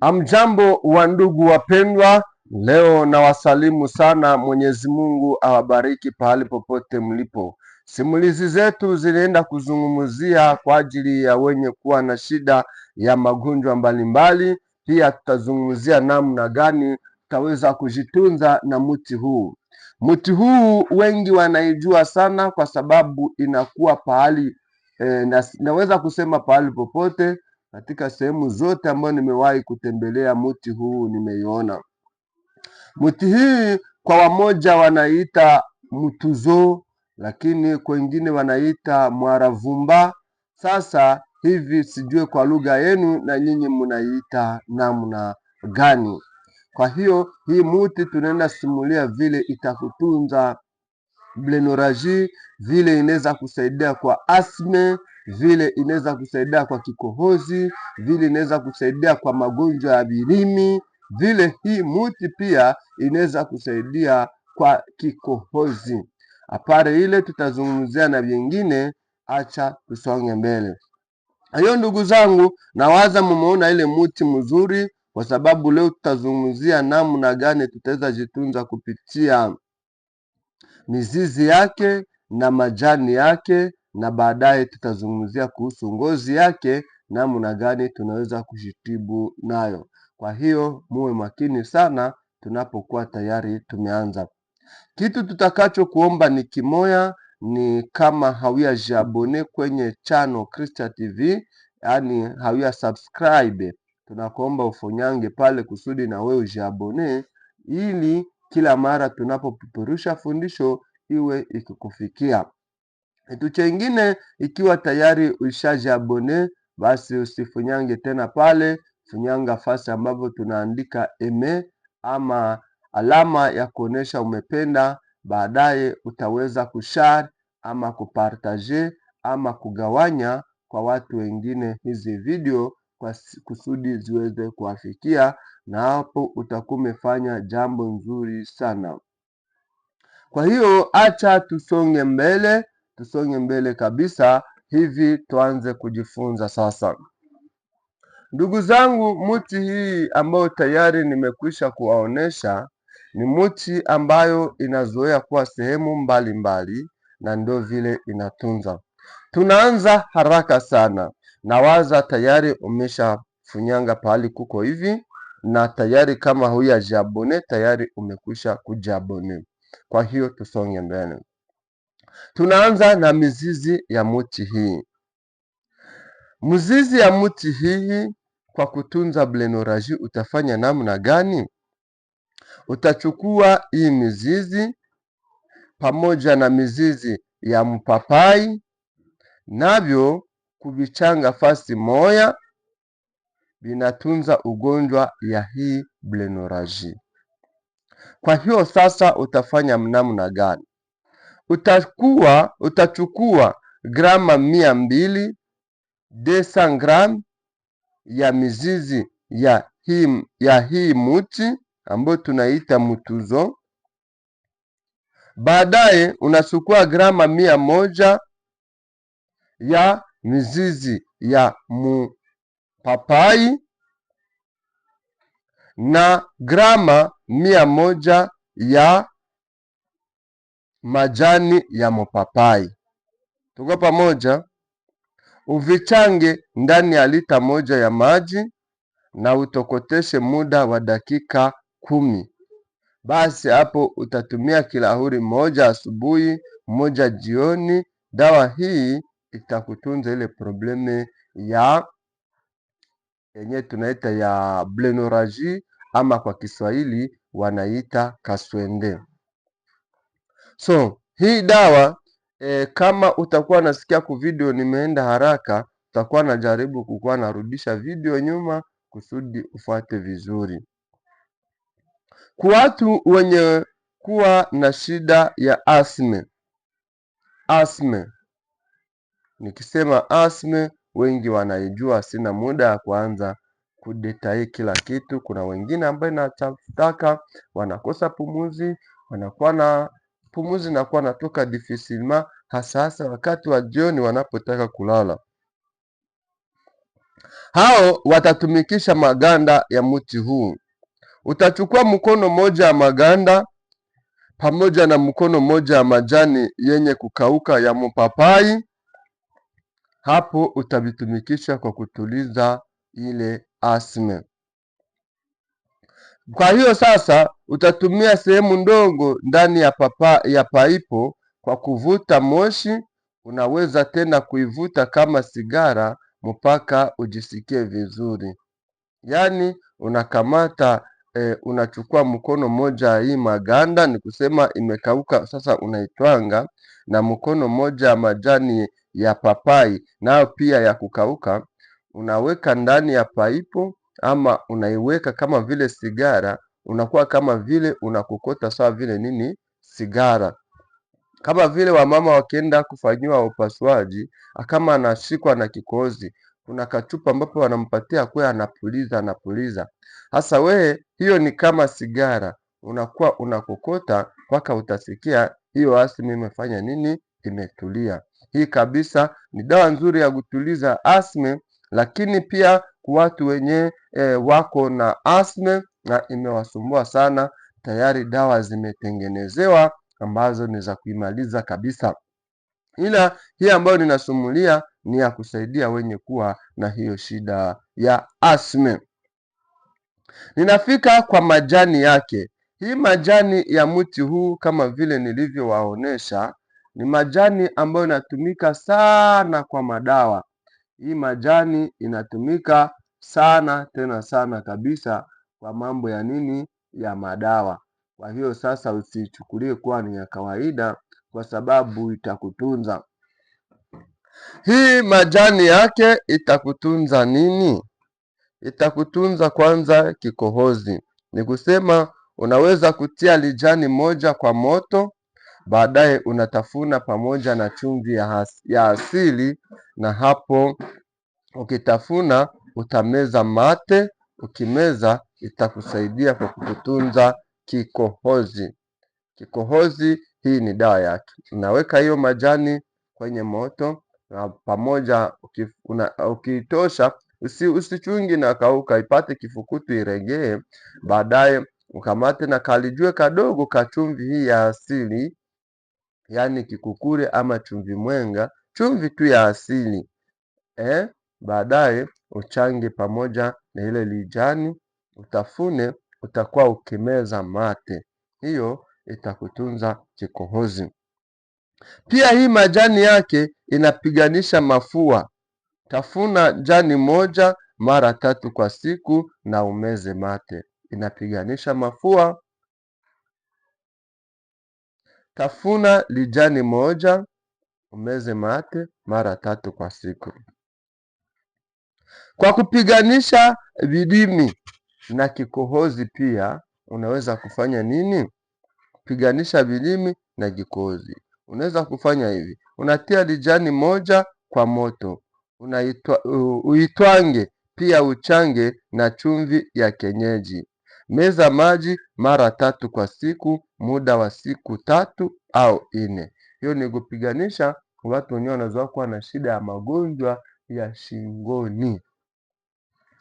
Amjambo wa ndugu wapendwa, leo nawasalimu sana. Mwenyezi Mungu awabariki pahali popote mlipo. Simulizi zetu zinaenda kuzungumzia kwa ajili ya wenye kuwa na shida ya magonjwa mbalimbali. Pia tutazungumzia namna gani tutaweza kujitunza na mti huu. Mti huu wengi wanaijua sana kwa sababu inakuwa pahali e, na, naweza kusema pahali popote katika sehemu zote ambayo nimewahi kutembelea mti huu nimeiona. Mti hii kwa wamoja wanaita mtuzo, lakini kwengine wanaita mwaravumba. Sasa hivi sijue kwa lugha yenu na nyinyi mnaiita namna gani? Kwa hiyo hii muti tunaenda simulia vile itakutunza blenoraji, vile inaweza kusaidia kwa asme vile inaweza kusaidia kwa kikohozi, vile inaweza kusaidia kwa magonjwa ya vilimi, vile hii muti pia inaweza kusaidia kwa kikohozi. Apare ile tutazungumzia na vingine, acha tusonge mbele. Hiyo ndugu zangu, nawaza mumeona ile muti mzuri, kwa sababu leo tutazungumzia namna gani tutaweza jitunza kupitia mizizi yake na majani yake na baadaye tutazungumzia kuhusu ngozi yake, namna gani tunaweza kujitibu nayo. Kwa hiyo muwe makini sana tunapokuwa tayari tumeanza. Kitu tutakachokuomba ni kimoya, ni kama hawia jabone kwenye chano Christian TV, yani hawia subscribe, tunakuomba ufonyange pale kusudi na wewe ujiabone, ili kila mara tunapopeperusha fundisho iwe ikikufikia. Kitu chengine, ikiwa tayari ushaji abone, basi usifunyange tena pale, funyanga fasi ambapo tunaandika eme ama alama ya kuonesha umependa. Baadaye utaweza kushare ama kupartaje ama kugawanya kwa watu wengine hizi video kwa kusudi ziweze kuwafikia, na hapo utakuwa umefanya jambo nzuri sana. Kwa hiyo acha tusonge mbele tusonge mbele kabisa hivi tuanze kujifunza sasa. Ndugu zangu, muti hii ambayo tayari nimekwisha kuwaonesha ni muti ambayo inazoea kuwa sehemu mbalimbali mbali, na ndio vile inatunza. Tunaanza haraka sana na waza tayari umeshafunyanga pahali kuko hivi, na tayari kama huyajabone tayari umekwisha kujabone. Kwa hiyo tusonge mbele. Tunaanza na mizizi ya mti hii. Mzizi ya mti hii kwa kutunza blenoraji utafanya namna gani? Utachukua hii mizizi pamoja na mizizi ya mpapai, navyo kuvichanga fasi moya, vinatunza ugonjwa ya hii blenoraji Kwa hiyo sasa utafanya namna gani? utakuwa utachukua grama mia mbili gram ya mizizi ya hii, ya hii muti ambayo tunaita mutuzo. Baadaye unachukua grama mia moja ya mizizi ya mupapai na grama mia moja ya majani ya mapapai. Tuko pamoja? Uvichange ndani ya lita moja ya maji na utokoteshe muda wa dakika kumi. Basi hapo utatumia kilahuri moja asubuhi, moja jioni. Dawa hii itakutunza ile probleme ya yenye tunaita ya bleneraji ama kwa Kiswahili wanaita kaswende. So hii dawa e, kama utakuwa nasikia ku video nimeenda haraka, utakuwa najaribu kukuwa narudisha video nyuma kusudi ufuate vizuri. Kwa watu wenye kuwa na shida ya asme, asme nikisema asme wengi wanaijua, sina muda ya kuanza kudetai kila kitu. Kuna wengine ambayo nachataka wanakosa pumuzi, wanakuwa na pumuzi zinakuwa natoka difisilma, hasa hasa wakati wa jioni wanapotaka kulala. Hao watatumikisha maganda ya mti huu. Utachukua mkono mmoja ya maganda pamoja na mkono mmoja ya majani yenye kukauka ya mpapai. Hapo utavitumikisha kwa kutuliza ile asme. Kwa hiyo sasa utatumia sehemu ndogo ndani ya, papa, ya paipo kwa kuvuta moshi. Unaweza tena kuivuta kama sigara mpaka ujisikie vizuri. Yaani unakamata e, unachukua mkono mmoja hii maganda, ni kusema imekauka sasa, unaitwanga na mkono mmoja ya majani ya papai nayo pia ya kukauka, unaweka ndani ya paipo ama unaiweka kama vile sigara, unakuwa kama vile unakokota sawa vile nini sigara. Kama vile wamama wakienda kufanyiwa upasuaji, kama anashikwa na kikozi kuna kachupa ambapo wanampatia kwa anapuliza, anapuliza. Hasa we hiyo ni kama sigara, unakuwa unakokota mpaka utasikia hiyo asma imefanya nini, imetulia. Hii kabisa ni dawa nzuri ya kutuliza asme lakini pia watu wenye e, wako na asme na imewasumbua sana. Tayari dawa zimetengenezewa ambazo ni za kuimaliza kabisa, ila hii ambayo ninasumulia ni ya kusaidia wenye kuwa na hiyo shida ya asme. Ninafika kwa majani yake. Hii majani ya mti huu kama vile nilivyowaonesha, ni majani ambayo inatumika sana kwa madawa. Hii majani inatumika sana tena sana kabisa kwa mambo ya nini ya madawa. Kwa hiyo sasa usichukulie kuwa ni ya kawaida, kwa sababu itakutunza. Hii majani yake itakutunza nini? Itakutunza kwanza kikohozi, ni kusema unaweza kutia lijani moja kwa moto baadaye unatafuna pamoja na chumvi ya, ya asili, na hapo ukitafuna utameza mate. Ukimeza itakusaidia kwa kukutunza kikohozi. Kikohozi hii ni dawa yake. Unaweka hiyo majani kwenye moto na pamoja ukiitosha, usi, usichungi na kauka, ipate kifukutu iregee, baadaye ukamate na kalijue kadogo kachumvi hii ya asili yaani kikukure ama chumvi mwenga, chumvi tu ya asili eh. Baadaye uchange pamoja na ile lijani, utafune, utakuwa ukimeza mate. Hiyo itakutunza kikohozi. Pia hii majani yake inapiganisha mafua. Tafuna jani moja mara tatu kwa siku na umeze mate, inapiganisha mafua. Tafuna lijani moja umeze mate mara tatu kwa siku, kwa kupiganisha vidimi na kikohozi. Pia unaweza kufanya nini? Kupiganisha vidimi na kikohozi, unaweza kufanya hivi: unatia lijani moja kwa moto, unaitwa uitwange, pia uchange na chumvi ya kienyeji. Meza maji mara tatu kwa siku muda wa siku tatu au nne. Hiyo ni kupiganisha watu wenyewe wanaweza kuwa na shida ya magonjwa ya shingoni.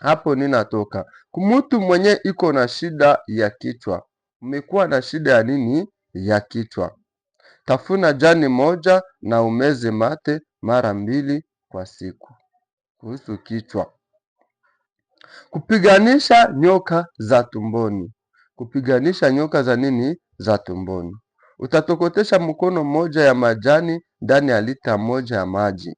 Hapo ninatoka mtu mwenye iko na shida ya kichwa. Umekuwa na shida ya nini? Ya kichwa. Tafuna jani moja na umeze mate mara mbili kwa siku. Kuhusu kichwa, kupiganisha nyoka za tumboni. Kupiganisha nyoka za nini? za tumboni. Utatokotesha mkono mmoja ya majani ndani ya lita moja ya maji,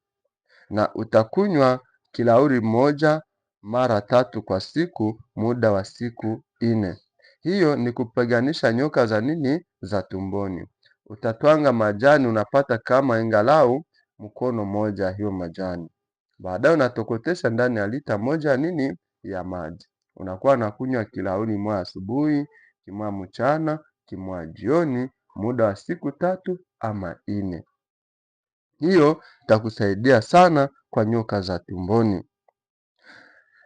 na utakunywa kilauri moja mara tatu kwa siku muda wa siku nne. Hiyo ni kupiganisha nyoka za nini za tumboni. Utatwanga majani unapata kama ingalau mkono moja hiyo majani, baadaye unatokotesha ndani ya lita moja nini ya maji, unakuwa nakunywa kilauri mwa asubuhi, kimwa mchana kimwa jioni muda wa siku tatu ama nne. Hiyo itakusaidia sana kwa nyoka za tumboni.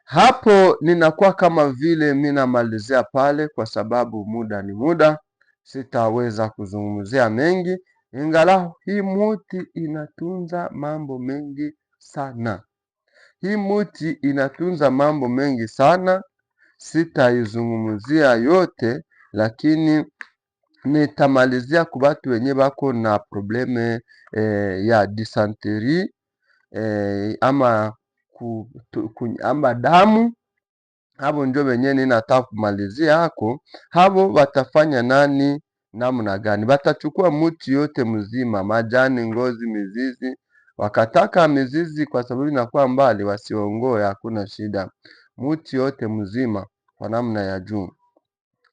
Hapo ninakuwa kama vile mimi namalizia pale, kwa sababu muda ni muda, sitaweza kuzungumzia mengi, ingalau hii muti inatunza mambo mengi sana. Hii muti inatunza mambo mengi sana, sitaizungumzia yote lakini nitamalizia kubatu wenye bako na probleme eh, ya disanteri eh, ama, ku, tu, ku, ama damu havo njo wenye ninataka kumalizia hako. Havo watafanya nani namna gani? Watachukua muti yote mzima, majani, ngozi, mizizi. Wakataka mizizi kwa sababu inakuwa mbali, wasiongoe, hakuna shida. Muti yote mzima kwa namna ya juu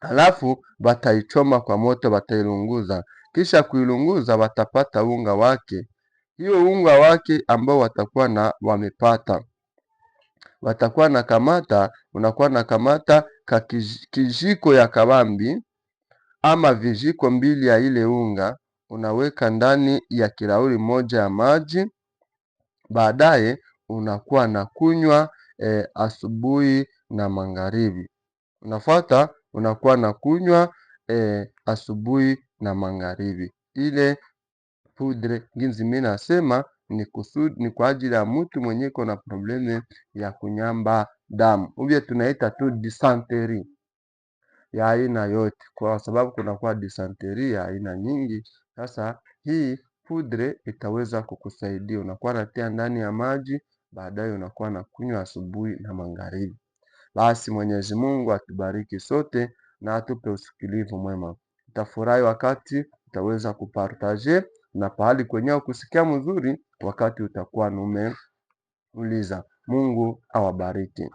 Halafu wataichoma kwa moto, watailunguza, kisha kuilunguza watapata unga wake. Hiyo unga wake ambao watakuwa na wamepata watakuwa na kamata, unakuwa na kamata ka kijiko ya kawambi ama vijiko mbili ya ile unga, unaweka ndani ya kilauli moja ya maji, baadaye unakuwa na kunywa e, asubuhi na magharibi. Unafuata unakuwa na kunywa e, eh, asubuhi na magharibi. Ile pudre nginzi mimi nasema ni kusudi ni kwa ajili ya mtu mwenye iko na probleme ya kunyamba damu, uvye tunaita tu dysentery ya aina yote, kwa sababu kunakuwa dysentery ya aina nyingi. Sasa hii pudre itaweza kukusaidia, unakuwa natia ndani ya maji, baadaye unakuwa na kunywa asubuhi na magharibi. Basi Mwenyezi Mungu atubariki sote na atupe usikilivu mwema. Utafurahi wakati utaweza kupartaje na pahali kwenyewe kusikia mzuri wakati utakuwa umeuliza. Mungu awabariki.